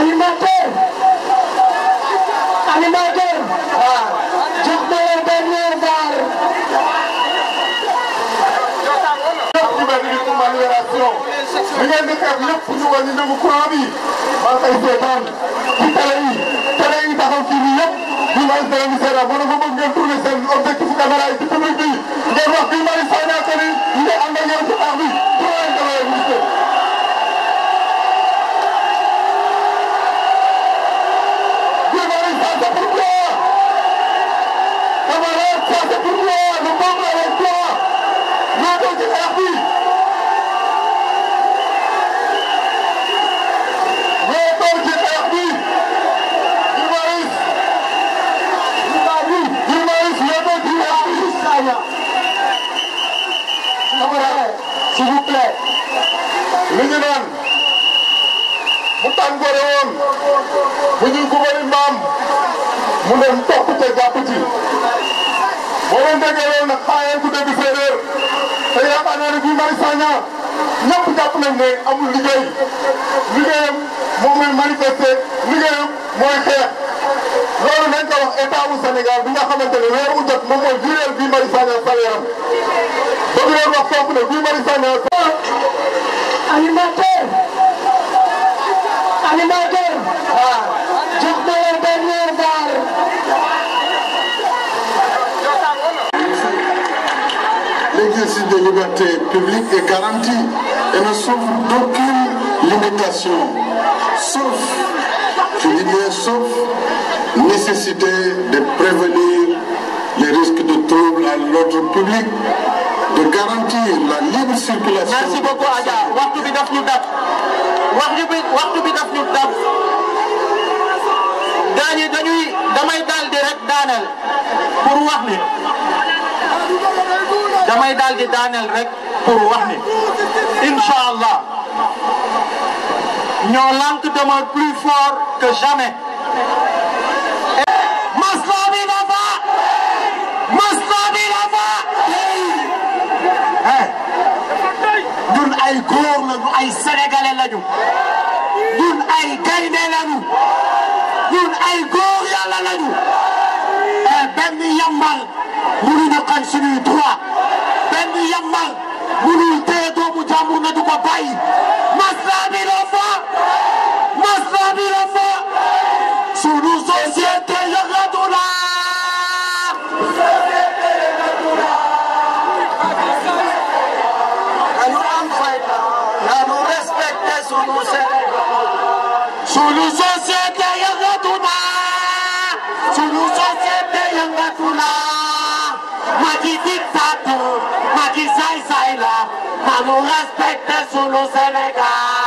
animateur animateur waaw ah. jox ma leen benn baar. li ngeen di xeeb lépp ñu wàññi njëgu courant bi maa ngi koy seetaan ci télé yi. camarades s'il vous plaît li ñu naan bu tàngoore woon bu ñuy gubari mbaam mu dem topp ca jàpp ci boo leen déggee loolu nag xaayal ku dégg séeréer te yaakaar naa ne bii may saña ñëpp jàpp nañ ne amul liggéey liggéeyam moom mooy manifester liggéeyam mooy xeex loolu nañ ko wax état bu Sénégal nga xamante ne weer wu jot moom mooy jureel Guy Marius Sagna salaire bëgg leen wax foofu ne Guy Marius Sagna animateur animateur waaw ah. jox ma leen dernier bar l'exercice des libertés publiques est garanti et ne souffre d'aucune limitation sauf je dis bien sauf nécessité de prévenir publique, de garantir la libre circulation. Merci beaucoup Adja waxtu bi daf ñu dab waxtu bi waxtu bi daf ñu dab daañu dañuy damay daal di rek daaneel pour wax ni damay daal di daaneel rek pour wax ni incha allah ñoo lank demeure plus fort que jamais. ay góor lañu ay sénégalais lañu ñun ay gaynde lañu ñun ay góor yàlla lañu et eh, benn yambal mënuñu xañ suñuy droit benn yambal mënul téye doomu jàmbur na du ko bàyyi masla bi la fa nessuno se ne va sulu sosyete yangatuna sulu sosyete yangatuna magi magi say sayla nanu respecte sulu Senegal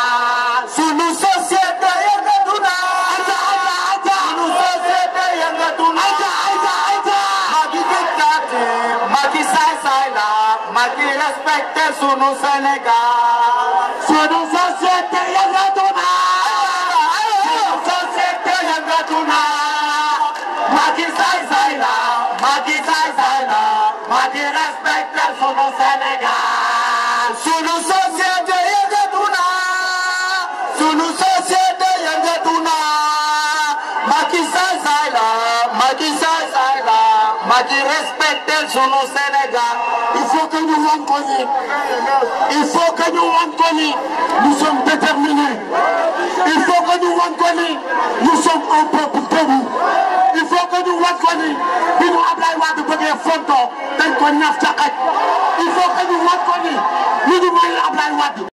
qui respecte sunu Sénégal. sunu société yëngatu naa. sunu société yëngatu naa. Macky saay saay la. Macky saay saay la. Macky respecte sunu Sénégal. sunu aji respecter sunu Sénégal. il faut que ñu wan ko ni il faut que ñu wan ko ni nous sommes déterminés il faut que ñu wan ko ni nous sommes un peuple debout il faut que ñu wan ko ni bi ñu Ablaye Wade fonto dañ ko ñaf ca xaj il faut que ñu wan ko ni ñu ñu may